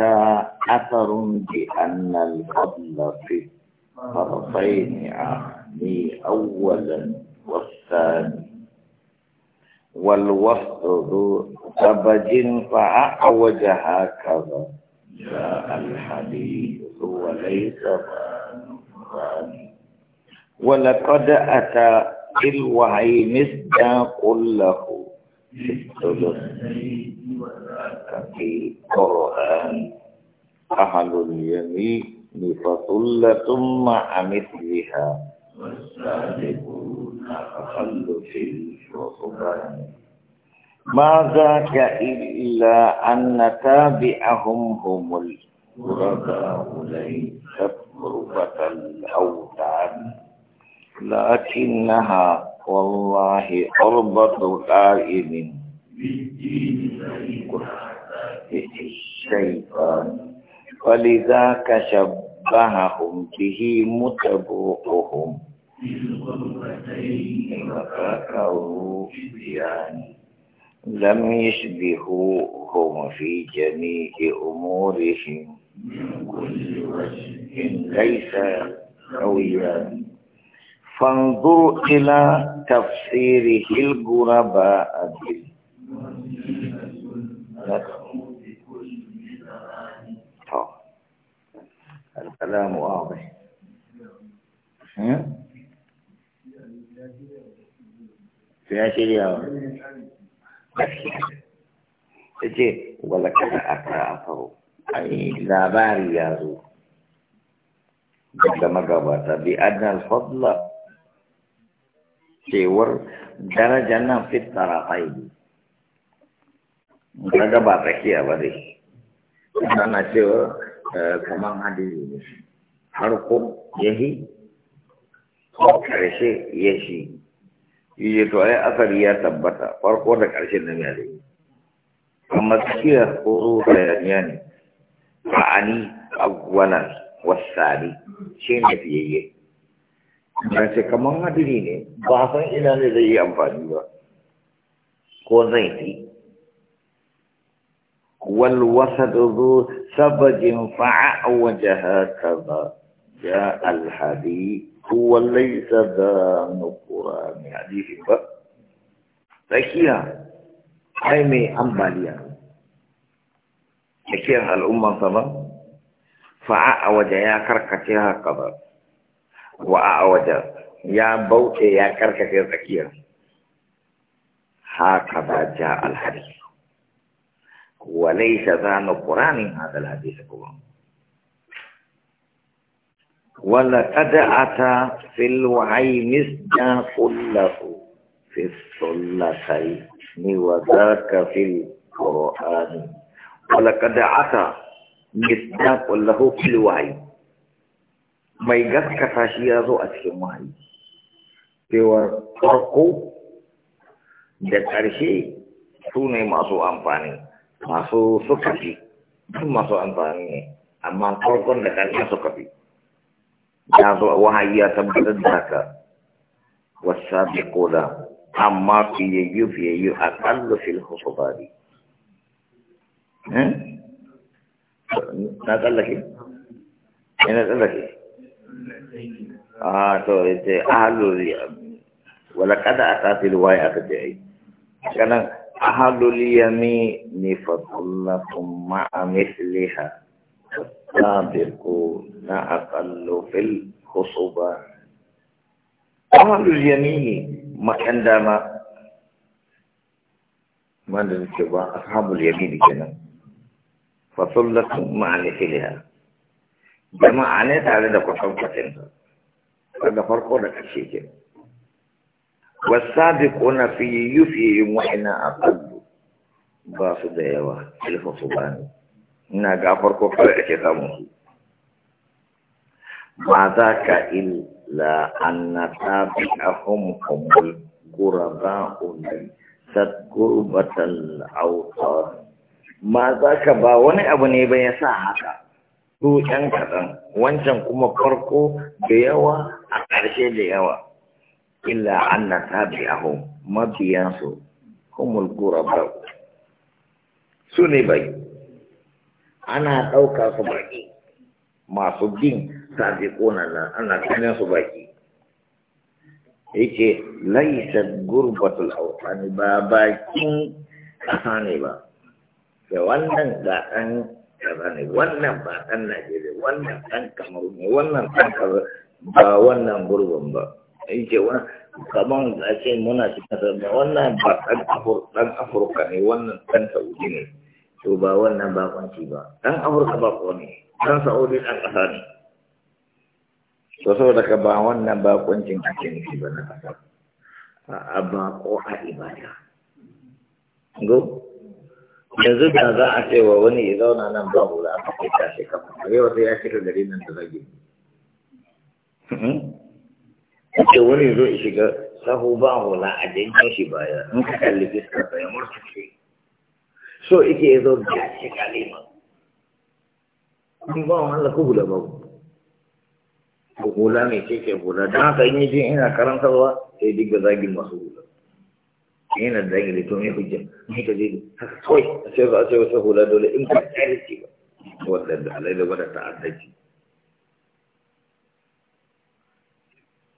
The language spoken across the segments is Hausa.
أثر بأن الفضل في الطرفين عامي أولا والثاني والوسط ذو سبج فأعوج هكذا جاء الحديث وليس نفران ولقد أتى الوعي مصداق له في القرآن أهل اليمين فثلة مع مثلها والسابقون أخل في القرآن ما ذاك إلا أن تابعهم هم الغرباء ليست غربة الأوتاد لكنها والله أربط قائم الشيطان ولذاك شبههم به متبوقهم لم يشبهوهم في جميع أمورهم وجه ليس قويا فانظر إلى تفسيره الغرباء طيب. الكلام واضح في عشر يوم تجي ولا كذا أفرو أي لا باري يا زو ما قبطة بأن الفضل cewar darajar nan fit tarafai ne ga ba tsakiya ba dai ana cewa eh, kamar hadisi ne harko yahi ko karshe yashi yi to ai asali ya tabbata farko da karshen nan ya dai amma tsakiya ko ya ne ma'ani awwalan wasali shi ne fiyayye ba ce kamar hadiri ne ba san ina ne zai yi amfani ba ko zai fi wal wasadu zu sabajin fa'a wajaha kaza ya alhadi huwa laysa da nukura mai hadisi ba tsakiya ai mai ambaliya tsakiyar al'umman sama fa'a a waje ya karkace haka ba وأعوج يا بوت يا كركة يا ذكية هكذا جاء الحديث وليس ذا نقران هذا الحديث كله ولقد أتى في الوعي مصداق له في الصلتين وذاك في القرآن ولقد أتى مصداق له في الوعي mai gaskata shi ya zo a cikin wahayi cewar farko da ƙarshe su ne masu amfani masu suka fi masu amfani ne amma farkon da ƙarshen suka fi ya zo wahayi ya tabbatar da haka wasa bi koda amma fiyayyu fiyayyu a ƙallu fil husubari eh? na tsallake? ina tsallake آه تو إيه أهل ولقد أتى في رواية كان أهل اليمين فضلكم مع مثلها السابقون أقل في الخصوبة أهل اليمين ما داما ما نجيب أصحاب اليمين كنا فصلكم مع مثلها jama'a ne tare da kusan kwatansa daga farko da ƙarshe ke wasabi ko na fi yi fi yin wa'ina a kallo ba su da yawa ilfa su ba ne ina ga farko kawai ake samun su ma za ka illa an na tafi a homkomul guraba ulai sad gurbatan autar ma za ka ba wani abu ne ba ya sa haka su ‘yan kaɗan, wancan kuma farko da yawa a ƙarshe da yawa, illa an na tabi ahu mabiyansu, kuma gura ba su ne bai, ana ɗauka su baki, masu bin tabi ƙona nan ana ganin su baki. Yake laisa gurbatul hautani ba bakin ƙasa ne ba, da wannan ɗaɗan kaza ne wannan ba ɗan Najeriya wannan ɗan Kamaru ne wannan ɗan kaza ba wannan gurbin ba yake wa kaman a ce muna cikin sarda wannan ba ɗan Afirka ne wannan ɗan Saudi ne to ba wannan ba kwanci ba ɗan Afirka ba ko ne ɗan Saudi ɗan ƙasa ne to saboda ka ba wannan ba kwancin ake nufi ba na ƙasa a ba ko a ibada go yanzu da za a ce wa wani ya zauna nan ba hula a kai ta shi kama a yau sai ya shiga gari nan da zagi hmm? a ce wani zo ya shiga sahu ba hula a jinkin shi baya in ka kalli fiskar da ya murta shi so ike ya zo da shi kalima ba wani Allah ku hula ba ku hula mai ce ke hula don haka in yi jin ina karantarwa sai duk da zagin masu hula yana da dangane to mai hujja mai ka je haka kawai a ce za a ce wasu hula dole in ka tsari ce ba wannan da alai da wadda ta'addanci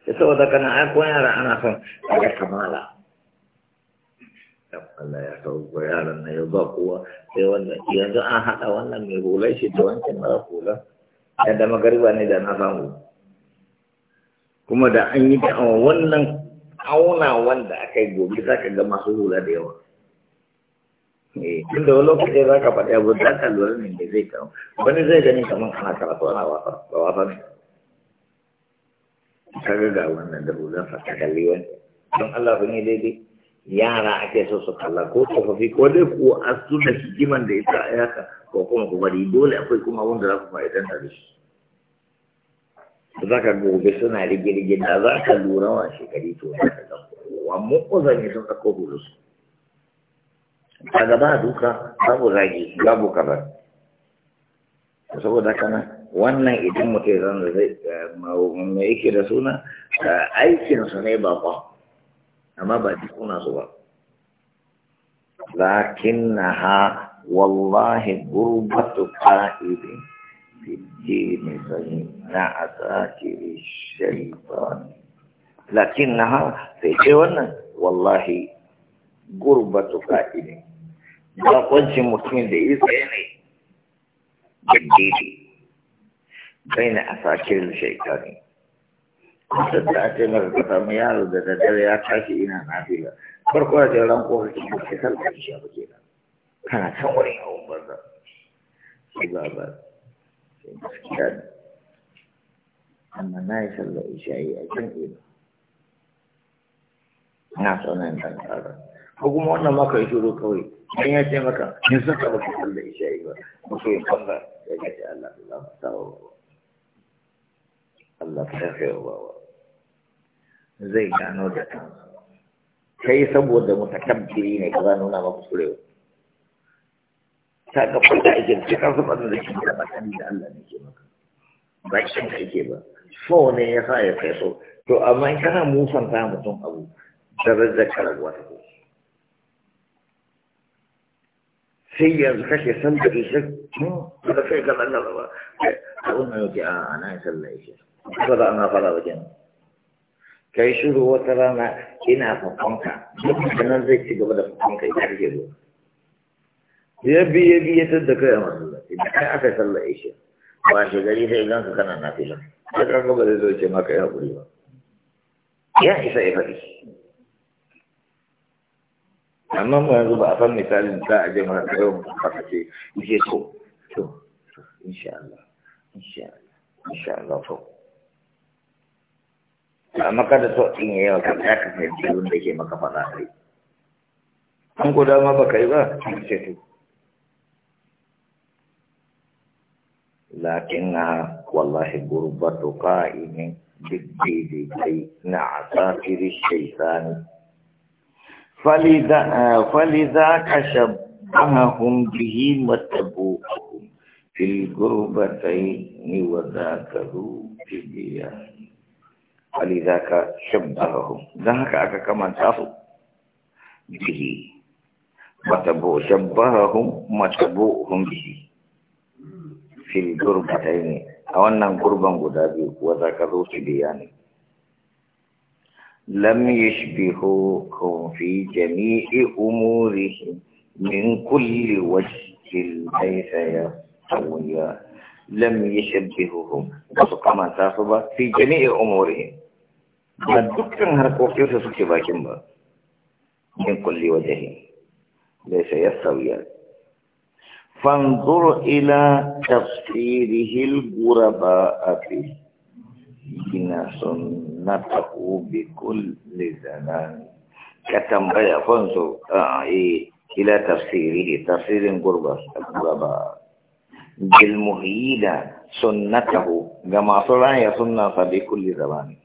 da saboda kana ai ko yara ana son a ga kamala Allah ya sauko yaran na yau ba kowa sai wannan yanzu an haɗa wannan mai hulai shi da wancan mara hula yadda magariba ne da na samu kuma da an yi da wannan auna wanda aka yi gobe za ka ga masu hula da yawa eh, tunda wani lokacin za ka faɗi abu da ka lura ne da zai kawo wani zai gani kamar ana karatu ana wasa ba wasa ne ka ga ga wannan da hulansa ka kalli wani don Allah ku ne daidai yara ake so su kalla ko tsofaffi ko dai ko a su da hikiman da ita a yaka ko kuma ku bari dole akwai kuma wanda za ku fa'idanta da shi za ka gobe suna rigirgi da za ka lura wa shekari to za ka gan kowa mun uzani sun ɗauko hulus ba gaba duka babu zagi babu kaza saboda kana wannan idan mutum zan da zai eh, mai yake da suna eh, aikinsu ne ba amma ba jikuna su ba lakin na ha wallahi gurbatu ƙa'idin في الدين فإن أتاكر الشيطان لكنها في جوانا والله قربة قائمة لا قلت مسلم لإيسا يعني بالدين بين أساكر الشيطان كنت تأتي يا رب تدري أتحكي فرقوا جلان قوة كتل كتل كتل كتل كتل كتل كتل كتل كتل sai gaskiya ne amma na yi sallar isha'i a can ina na so nan ko kuma wannan maka yi shiru kawai in ya ce maka in saka ba ba Allah ya ba Allah ta yafe wa ba zai gano da kansa kai saboda mutakabbiri ne ka nuna maka kurewa ساق قلت اجل في قصب انا لكي جابا كاني لان لان يجيبا بايشن تايجيبا فوني يا خاي خيطو تو اما ان كان موسى انتام تون ابو جرز ذكر الواتكو سيئا زكاك يسند يسك هذا فيك الله الله اقول ما يوكي اه انا يسل ايشي فضا انا فلا وجن كي شروع وترانا هنا فقنكا ممكن ان نزيك تبقى فقنكا يتحجيبو ya bi ya bi ya kai a masallaci da kai aka sallar shi ba shi gari sai zan ka kana nafila sai ya ga ba zai zo ce maka ya kuri ba ya isa ya faɗi amma mu yanzu ba a san misalin za a je mara tsayon kasa ce je so to insha Allah insha Allah insha Allah fa amma kada so in ya ka ya fahimci wanda yake maka faɗa kai an ko dama baka yi ba sai to لكنها والله قربة قائم بالدين كي عساكر الشيطان فلذا فلذاك شبههم به وتبوكهم في القربتين وذاك ذو تبيان فلذاك شبههم ذاك أكا كمان به وتبو شبههم وتبوهم به fil ne. a wannan gurban guda biyu wa zakaru ne. lam yushbihukum fi jami'i umurihi min kulli wajhin ya tawiya lam yushbihukum su kama ta su ba fi jami'i umurihi ba dukkan harkokin su suke bakin ba min kulli wajhin laysa yasawiya فانظر إلى تفسيره الغرباء فيه إن سنته بكل زمان كتنبيا فانظر آه إيه، إلى تفسيره تفسير الغرباء بالمهيدة سنته كما صلى يسنة بكل زمان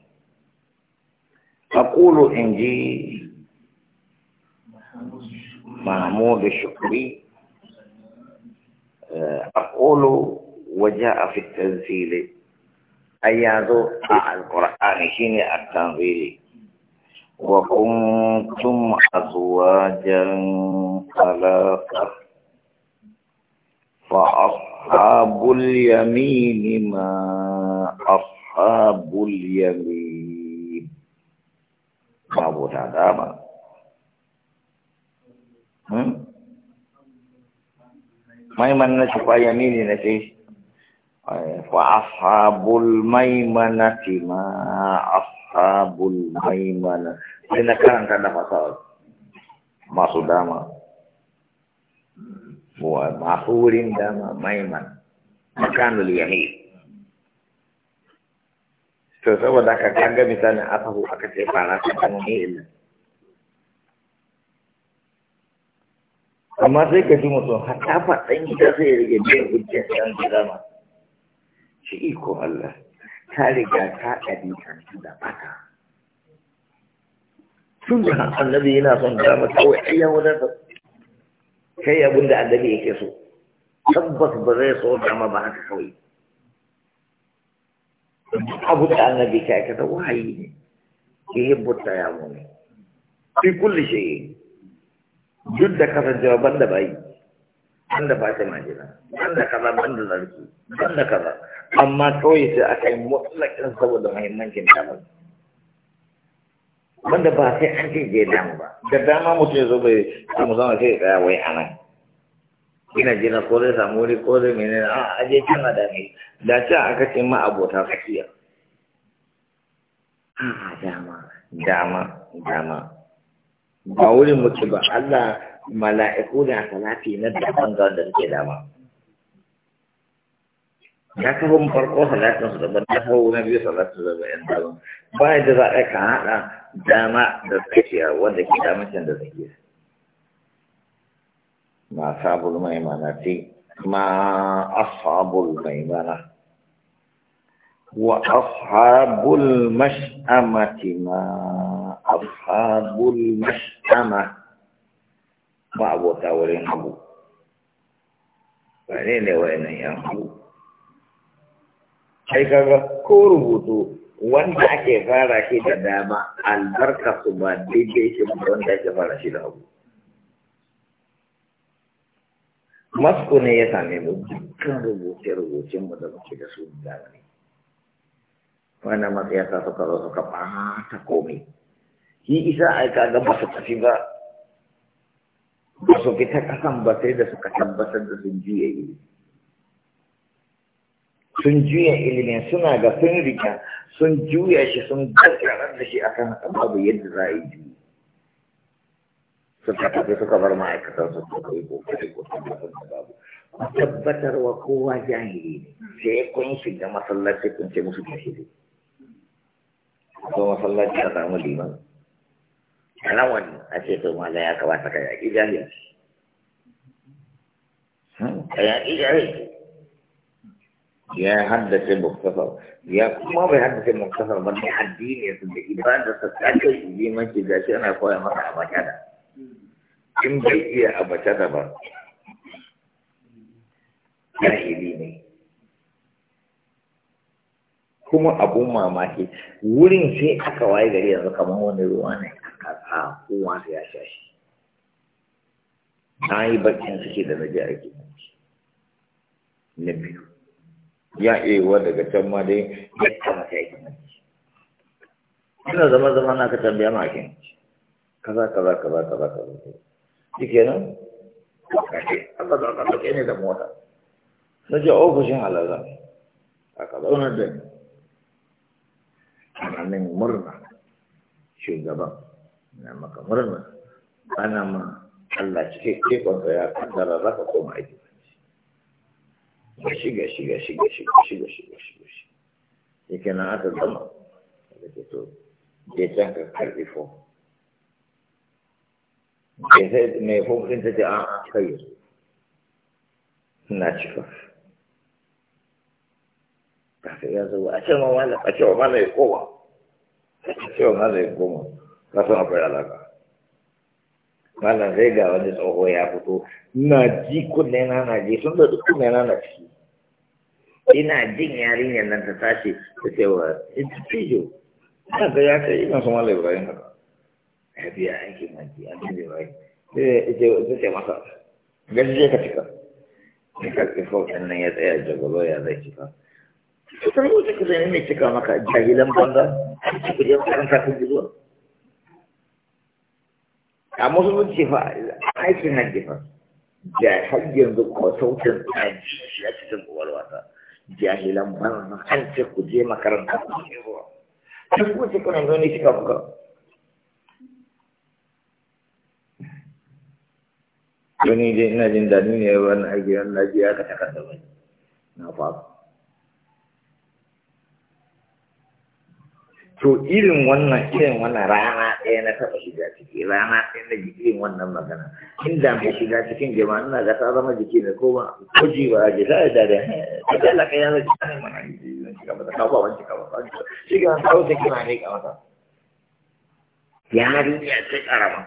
أقول إنجي محمود الشكري آه، أقول وجاء في التنزيل أياد آه، القرآن حين التنزيل وكنتم أزواجا ثلاثة فأصحاب اليمين ما أصحاب اليمين ما أبو دابا هم maiman na shi kwayami ne na ce fa ashabul maimana ti ma ashabul maimana sai na karanta da sa masu dama masu wurin dama maiman makanul yamin to saboda haka kaga misalin asahu aka ce fara ta kanu ne amma sai ka ji mutum hatta faɗin gida sai rage biyan hujjar ɗan gida ma shi iko Allah ta riga ta ɗari kansu da fata tun da annabi yana son dama kawai ai ya wadatar kai abin da annabi yake so tabbas ba zai so dama ba haka kawai abu da annabi ka aikata wahayi ne ke hibbata ya mu ne fi kulli shi duk da kasancewa ban da bayi ban da ba ta majina ban da kaza ban da zarki ban da kaza amma kawai sai aka yi mutlakin saboda muhimmancin damar banda ba sai an ce je damu ba da dama mutum ya zo bai samu zama sai ya tsaya wai anan ina jina ko zai samu wuri ko zai mene a aje can a dame da ce aka ce ma abota tsakiya a dama dama dama ba wurin mutu ba Allah mala'iku na salati na daban ga wanda suke dama ya kafa farko salatin su daban ta hau na biyu salatin su daban yan daban ba yadda za a ka haɗa dama da tsakiya wanda ke damacin da tsakiya ma sabul maimana ce ma mai maimana wa ashabul mash'amati ma ashabul mash'ama ba abota wurin abu Ba ne ne wani hagu sai kaga ko rubutu wanda ake fara shi da dama albarka su ba daidai shi ba wanda ake fara shi da abu masu ne ya same mu dukkan rubuce-rubucen mu da muke da su da wani wannan matsayata suka zo suka ɓata komai shi isa ai kaga ba su tafi ba ba su fita kasan ba sai da suka tabbatar da sun juya ilimi sun juya ilimi suna ga sun rika sun juya shi sun gaggarar da shi akan babu yadda za a yi juyi suka tafi suka bar ma'aikatan su suka yi kokari ko sun da babu wa kowa jahili ne sai kun shiga masallaci kun ce musu jahili ko masallaci a samu liman rawan a ce to mala ya kamata ka yaƙi jahilci hmm? ka yaƙi jahilci ya haddace muktasar ya kuma bai haddace muktasar ba ne addini ya su da ibada ta sake limanci ga shi ana koya masa a bacada in bai iya a bacada ba jahili ne kuma abun mamaki wurin sai aka waye gari yanzu kamar wani ruwa ne katsa kowa sai ya sha shi na yi bakin suke da na je aiki na biyu ya ewa daga can ma dai ya kama ta aiki na ina zama zama na ka tambaya ma mace kaza kaza kaza kaza kaza shi kenan kashe Allah za ka ɗauke ne da mota na je ofishin alaza A zaunar da ni A nan murna shugaban na maka murna ana ma Allah cike kekonsa ya kaddara za ka koma aiki shiga shiga shiga shiga shiga shiga shiga shiga shiga shiga shiga aka zama da ke to je can ka karbi fo mai fo ta ce a kai na cika kafin ya zo a ce ma ya koma a ce ma ya koma kasu akwai alaka malam zai ga wani tsoho ya fito na ji kunne na na ji sun da duk na na ciki ina jin yarinyar nan ta tashi ta ce wa ita fijo ina ga ya kai ina son wala ibrahim haka ya biya aiki na ji an ji ibrahim sai ce masa gaji je ka cika ya karɓi fautan nan ya tsaya jagoro ya zai cika cutar wuce ka zai ne cika maka jahilan banza a cikin yankan sa ka a musulunci fa aikin hajji fa da hajjin zuwa sautin hajji ya cikin kwakwalwata jahilan bana an ce ku je makaranta ku je ruwa duk wace kuna zo ne shiga kuka wani dai ina jin daɗi ne wannan aiki na ji aka takardar wani na faɗo to irin wannan irin wannan rana ɗaya na taɓa shiga ciki rana ɗaya na irin wannan magana inda mai shiga cikin jama'a ina ga ta zama jiki ne ko ba ko ji ba ji ta da da eh, ta da laka ya zaki ne mana ji shiga ba ka ba wanki ka shiga na ga ta wuce kina ne ka mata yari ya ce karama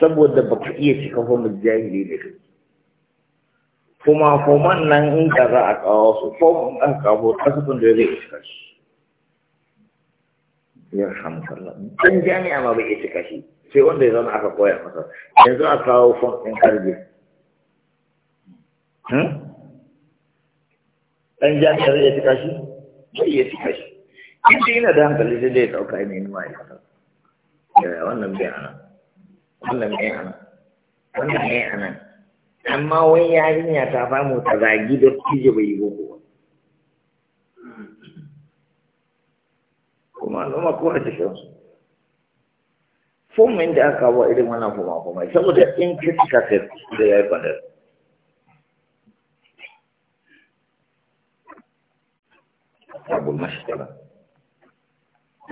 saboda baka iya cika homin jahili ne kake kuma kuma nan in ka za a kawo su ko in an kawo kasafin da zai iska shi ya hamdallah dan jami'a ma bai iska shi sai wanda ya zama aka koya masa yanzu a kawo fon ɗin karbe hmm? dan jami'a zai iska shi zai iya iska shi inda yana da hankali sai zai ɗauka ya nemi ma'aikata wannan bai ana wannan bai ana wannan bai ana amma wai yarinya ta samu ta zagi da tijo bai yi boko kuma al'umma ko a cikin su da aka wa irin wannan fuma-fumai saboda in kritika da ya yi kwanar أصحاب المشكلة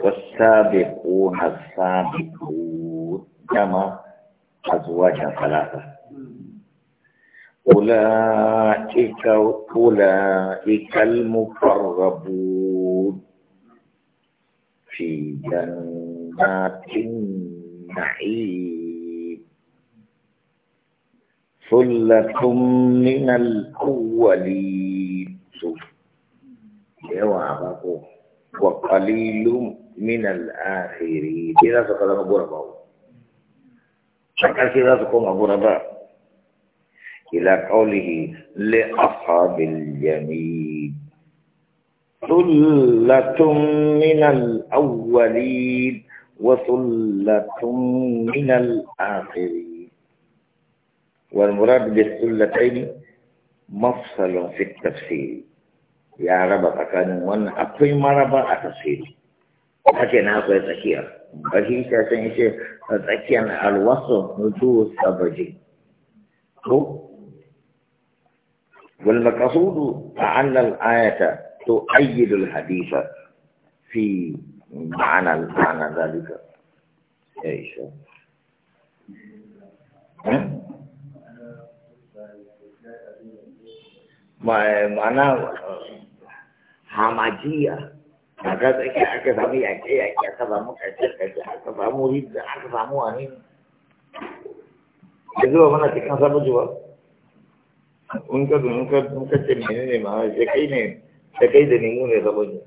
والسابقون السابقون جمع jan ثلاثة أولئك أولئك المقربون في جنات النعيم ثلة من الأولين وقليل من الآخرين إذا سقط أبو رباه فكان كذا سقط أبو رباه إلى قوله لأصحاب اليمين ثلة من الأولين وثلة من الآخرين والمراد بالثلتين مفصل في التفسير يا رب كان من أقوي مربع التفسير لكن هذا تكير بهي كان شيء تكير الوصف نجوز أبجي والمقصود أن الآية تؤيد الحديث في معنى معنى ذلك إيش؟ ما معنى همجية هذا إيش هذا مي إيش هذا مو إيش هذا مو هذا مو هني هذا هو من أتكلم in ka in ka ne ma sai kai ne da nemo ne saboda